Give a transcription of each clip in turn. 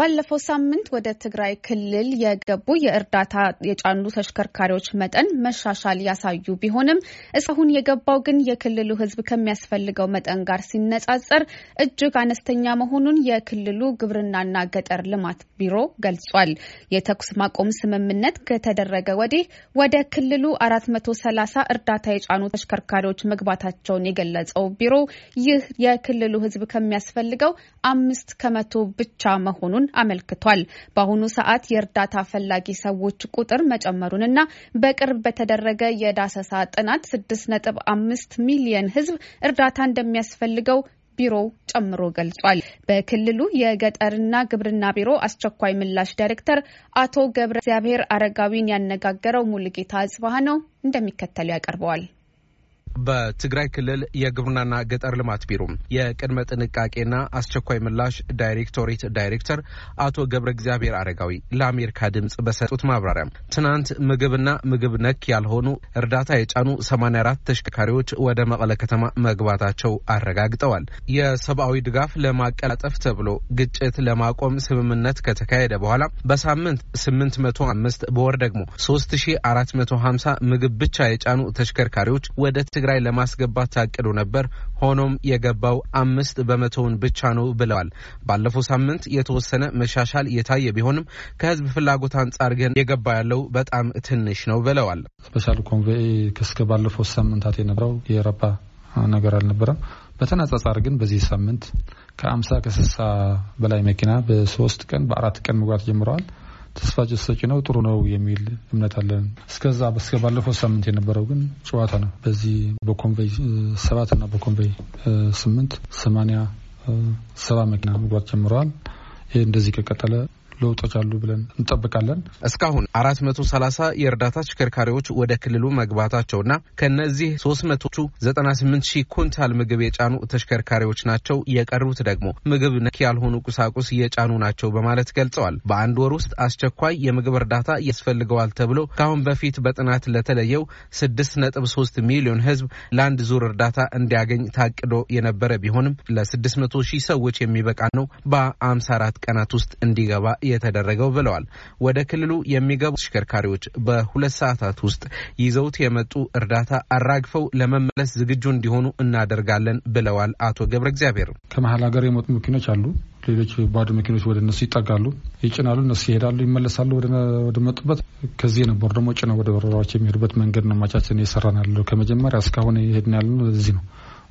ባለፈው ሳምንት ወደ ትግራይ ክልል የገቡ የእርዳታ የጫኑ ተሽከርካሪዎች መጠን መሻሻል ያሳዩ ቢሆንም እስካሁን የገባው ግን የክልሉ ሕዝብ ከሚያስፈልገው መጠን ጋር ሲነጻጸር እጅግ አነስተኛ መሆኑን የክልሉ ግብርናና ገጠር ልማት ቢሮ ገልጿል። የተኩስ ማቆም ስምምነት ከተደረገ ወዲህ ወደ ክልሉ 430 እርዳታ የጫኑ ተሽከርካሪዎች መግባታቸውን የገለጸው ቢሮ ይህ የክልሉ ሕዝብ ከሚያስፈልገው አምስት ከመቶ ብቻ መሆኑን መሆኑን አመልክቷል። በአሁኑ ሰዓት የእርዳታ ፈላጊ ሰዎች ቁጥር መጨመሩንና በቅርብ በተደረገ የዳሰሳ ጥናት አምስት ሚሊየን ሕዝብ እርዳታ እንደሚያስፈልገው ቢሮው ጨምሮ ገልጿል። በክልሉ የገጠርና ግብርና ቢሮ አስቸኳይ ምላሽ ዳይሬክተር አቶ ገብረ እግዚአብሔር አረጋዊን ያነጋገረው ሙልጌታ አጽባህ ነው፣ እንደሚከተል ያቀርበዋል። በትግራይ ክልል የግብርናና ገጠር ልማት ቢሮ የቅድመ ጥንቃቄና አስቸኳይ ምላሽ ዳይሬክቶሬት ዳይሬክተር አቶ ገብረ እግዚአብሔር አረጋዊ ለአሜሪካ ድምጽ በሰጡት ማብራሪያ ትናንት ምግብና ምግብ ነክ ያልሆኑ እርዳታ የጫኑ 84 ተሽከርካሪዎች ወደ መቀለ ከተማ መግባታቸው አረጋግጠዋል። የሰብአዊ ድጋፍ ለማቀላጠፍ ተብሎ ግጭት ለማቆም ስምምነት ከተካሄደ በኋላ በሳምንት 805 በወር ደግሞ 3450 ምግብ ብቻ የጫኑ ተሽከርካሪዎች ወደ ትግራይ ትግራይ ለማስገባት ታቅዶ ነበር። ሆኖም የገባው አምስት በመቶውን ብቻ ነው ብለዋል። ባለፈው ሳምንት የተወሰነ መሻሻል የታየ ቢሆንም ከህዝብ ፍላጎት አንጻር ግን የገባ ያለው በጣም ትንሽ ነው ብለዋል። ስፔሻል ኮንቬይ እስከ ባለፈው ሳምንታት የነበረው የረባ ነገር አልነበረም። በተነጻጻር ግን በዚህ ሳምንት ከአምሳ ከስሳ በላይ መኪና በሶስት ቀን በአራት ቀን መግባት ጀምረዋል። ተስፋ ሰጪ ነው፣ ጥሩ ነው የሚል እምነት አለን። እስከዛ እስከ ባለፈው ሳምንት የነበረው ግን ጨዋታ ነው። በዚህ በኮንቬይ ሰባት እና በኮንቬይ ስምንት ሰማኒያ ሰባ መኪና መግባት ጀምረዋል። ይህ እንደዚህ ከቀጠለ ለውጦች አሉ ብለን እንጠብቃለን። እስካሁን አራት መቶ ሰላሳ የእርዳታ ተሽከርካሪዎች ወደ ክልሉ መግባታቸውና ከእነዚህ ሶስት መቶቹ ዘጠና ስምንት ሺህ ኩንታል ምግብ የጫኑ ተሽከርካሪዎች ናቸው። የቀሩት ደግሞ ምግብ ነክ ያልሆኑ ቁሳቁስ የጫኑ ናቸው በማለት ገልጸዋል። በአንድ ወር ውስጥ አስቸኳይ የምግብ እርዳታ ያስፈልገዋል ተብሎ ከአሁን በፊት በጥናት ለተለየው ስድስት ነጥብ ሶስት ሚሊዮን ህዝብ ለአንድ ዙር እርዳታ እንዲያገኝ ታቅዶ የነበረ ቢሆንም ለ መቶ ሺህ ሰዎች የሚበቃ ነው በአምሳ አራት ቀናት ውስጥ እንዲገባ የተደረገው ብለዋል። ወደ ክልሉ የሚገቡ ተሽከርካሪዎች በሁለት ሰዓታት ውስጥ ይዘውት የመጡ እርዳታ አራግፈው ለመመለስ ዝግጁ እንዲሆኑ እናደርጋለን ብለዋል። አቶ ገብረ እግዚአብሔር ከመሀል ሀገር የመጡ መኪኖች አሉ። ሌሎች ባዶ መኪኖች ወደ እነሱ ይጠጋሉ፣ ይጭናሉ፣ እነሱ ይሄዳሉ፣ ይመለሳሉ ወደ መጡበት። ከዚህ የነበሩ ደግሞ ጭነው ወደ በረራዎች የሚሄዱበት መንገድ ነው ማቻችን እየሰራን ያለው ከመጀመሪያ እስካሁን ይሄድን ያለ ነው። እዚህ ነው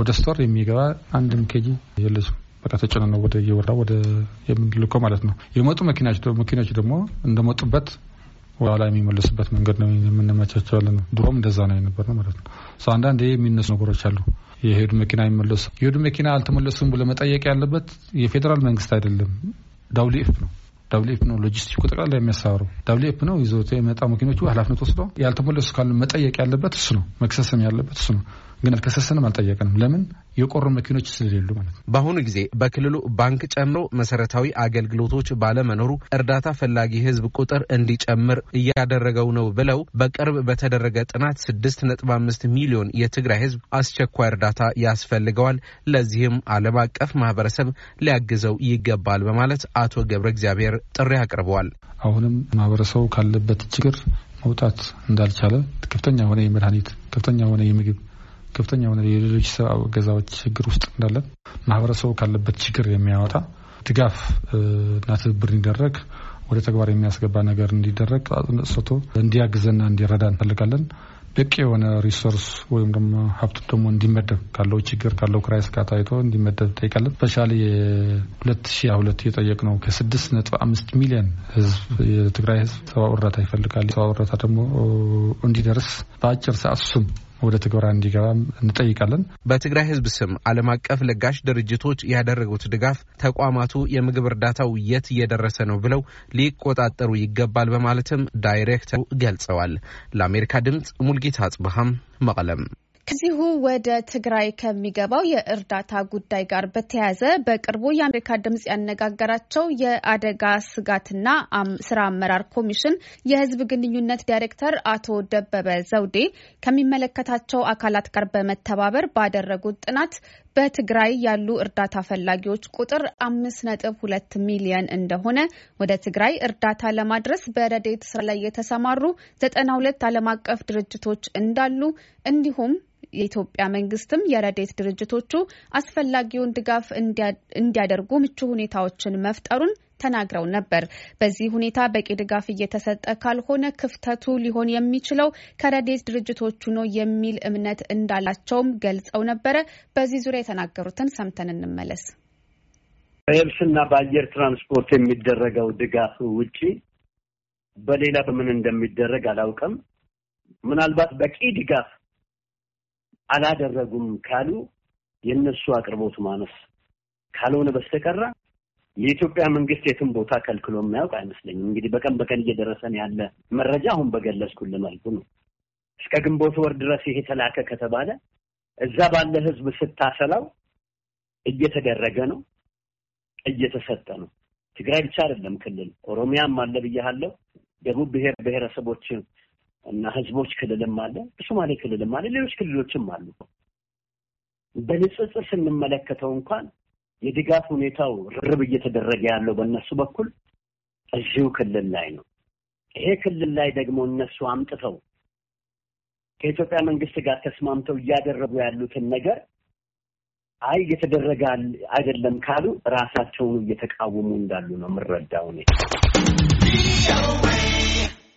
ወደ ስቶር የሚገባ አንድም ኬጂ የለችም። በቃ ተጭነን ነው ወደ እየወራ ወደ የምንልከው ማለት ነው። የመጡ መኪናዎች ደግሞ እንደመጡበት ኋላ የሚመለሱበት መንገድ ነው የምንመቻቸዋለ ነው። ድሮም እንደዛ ነው የነበር ነው ማለት ነው። አንዳንድ የሚነሱ ነገሮች አሉ። የሄዱ መኪና የሚመለሱ የሄዱ መኪና አልተመለሱም ብሎ መጠየቅ ያለበት የፌዴራል መንግስት አይደለም፣ ዳውሊኤፍ ነው ዳብሊኤፍ ነው ሎጂስቲኩ ጠቅላላ የሚያሳብረው ዳብሊኤፍ ነው። ይዞ የመጣ መኪኖቹ ኃላፊነት ወስዶ ያልተመለሱ ካሉ መጠየቅ ያለበት እሱ ነው። መክሰስም ያለበት እሱ ነው። ግን አልከሰሰንም፣ አልጠየቅንም። ለምን የቆሩ መኪኖች ስለሌሉ ማለት ነው። በአሁኑ ጊዜ በክልሉ ባንክ ጨምሮ መሰረታዊ አገልግሎቶች ባለመኖሩ እርዳታ ፈላጊ ህዝብ ቁጥር እንዲጨምር እያደረገው ነው ብለው በቅርብ በተደረገ ጥናት ስድስት አምስት ሚሊዮን የትግራይ ህዝብ አስቸኳይ እርዳታ ያስፈልገዋል፣ ለዚህም ዓለም አቀፍ ማህበረሰብ ሊያግዘው ይገባል በማለት አቶ ገብረ እግዚአብሔር ጥሪ አቅርበዋል። አሁንም ማህበረሰቡ ካለበት ችግር መውጣት እንዳልቻለ ከፍተኛ የሆነ የመድኃኒት ከፍተኛ የሆነ የምግብ ከፍተኛ የሆነ የሌሎች ሰብአዊ ገዛዎች ችግር ውስጥ እንዳለን ማህበረሰቡ ካለበት ችግር የሚያወጣ ድጋፍ እና ትብብር እንዲደረግ ወደ ተግባር የሚያስገባ ነገር እንዲደረግ አጽንኦት እንዲያግዘና እንዲረዳ እንፈልጋለን። በቂ የሆነ ሪሶርስ ወይም ደግሞ ሀብቱ ደግሞ እንዲመደብ ካለው ችግር ካለው ክራይስ ጋር ታይቶ እንዲመደብ ጠይቃለን። ስፔሻሊ የሁለት ሺ ሁለት የጠየቅ ነው ከስድስት ነጥብ አምስት ሚሊዮን ህዝብ የትግራይ ህዝብ ሰብአዊ እርዳታ ይፈልጋል። ሰብአዊ እርዳታ ደግሞ እንዲደርስ በአጭር ሰዓት ሱም ወደ ትግበራ እንዲገባ እንጠይቃለን። በትግራይ ህዝብ ስም ዓለም አቀፍ ለጋሽ ድርጅቶች ያደረጉት ድጋፍ ተቋማቱ የምግብ እርዳታው የት እየደረሰ ነው ብለው ሊቆጣጠሩ ይገባል በማለትም ዳይሬክተሩ ገልጸዋል። ለአሜሪካ ድምፅ ሙልጌታ አጽብሃም መቀለም ከዚሁ ወደ ትግራይ ከሚገባው የእርዳታ ጉዳይ ጋር በተያያዘ በቅርቡ የአሜሪካ ድምጽ ያነጋገራቸው የአደጋ ስጋትና ስራ አመራር ኮሚሽን የህዝብ ግንኙነት ዳይሬክተር አቶ ደበበ ዘውዴ ከሚመለከታቸው አካላት ጋር በመተባበር ባደረጉት ጥናት በትግራይ ያሉ እርዳታ ፈላጊዎች ቁጥር አምስት ነጥብ ሁለት ሚሊየን እንደሆነ ወደ ትግራይ እርዳታ ለማድረስ በረዴት ስራ ላይ የተሰማሩ ዘጠና ሁለት ዓለም አቀፍ ድርጅቶች እንዳሉ እንዲሁም የኢትዮጵያ መንግስትም የረዴት ድርጅቶቹ አስፈላጊውን ድጋፍ እንዲያደርጉ ምቹ ሁኔታዎችን መፍጠሩን ተናግረው ነበር። በዚህ ሁኔታ በቂ ድጋፍ እየተሰጠ ካልሆነ ክፍተቱ ሊሆን የሚችለው ከረዴት ድርጅቶቹ ነው የሚል እምነት እንዳላቸውም ገልጸው ነበረ። በዚህ ዙሪያ የተናገሩትን ሰምተን እንመለስ። በየብስና በአየር ትራንስፖርት የሚደረገው ድጋፍ ውጪ በሌላ በምን እንደሚደረግ አላውቅም። ምናልባት በቂ ድጋፍ አላደረጉም ካሉ የእነሱ አቅርቦት ማነስ ካልሆነ በስተቀራ የኢትዮጵያ መንግስት የትም ቦታ ከልክሎ የማያውቅ አይመስለኝም። እንግዲህ በቀን በቀን እየደረሰን ያለ መረጃ አሁን በገለጽኩል መልኩ ነው። እስከ ግንቦት ወር ድረስ ይሄ ተላከ ከተባለ እዛ ባለ ህዝብ ስታሰላው እየተደረገ ነው፣ እየተሰጠ ነው። ትግራይ ብቻ አይደለም ክልል ኦሮሚያም አለ ብያለሁ። ደቡብ ብሔር ብሔረሰቦችን እና ህዝቦች ክልልም አለ፣ በሶማሌ ክልልም አለ፣ ሌሎች ክልሎችም አሉ። በንጽጽር ስንመለከተው እንኳን የድጋፍ ሁኔታው ርብ እየተደረገ ያለው በእነሱ በኩል እዚሁ ክልል ላይ ነው። ይሄ ክልል ላይ ደግሞ እነሱ አምጥተው ከኢትዮጵያ መንግስት ጋር ተስማምተው እያደረጉ ያሉትን ነገር አይ እየተደረገ አይደለም ካሉ ራሳቸውን እየተቃወሙ እንዳሉ ነው የምረዳው እኔ።